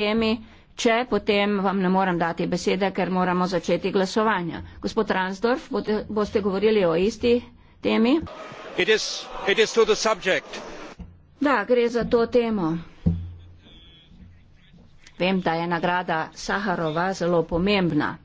temi, če potem vam ne morem dati besede, ker moramo začeti glasovanje. Gospod Ransdorf, boste govorili o isti temi? It is, it is da, gre za to temo. Vem, da je nagrada Saharova zelo pomembna.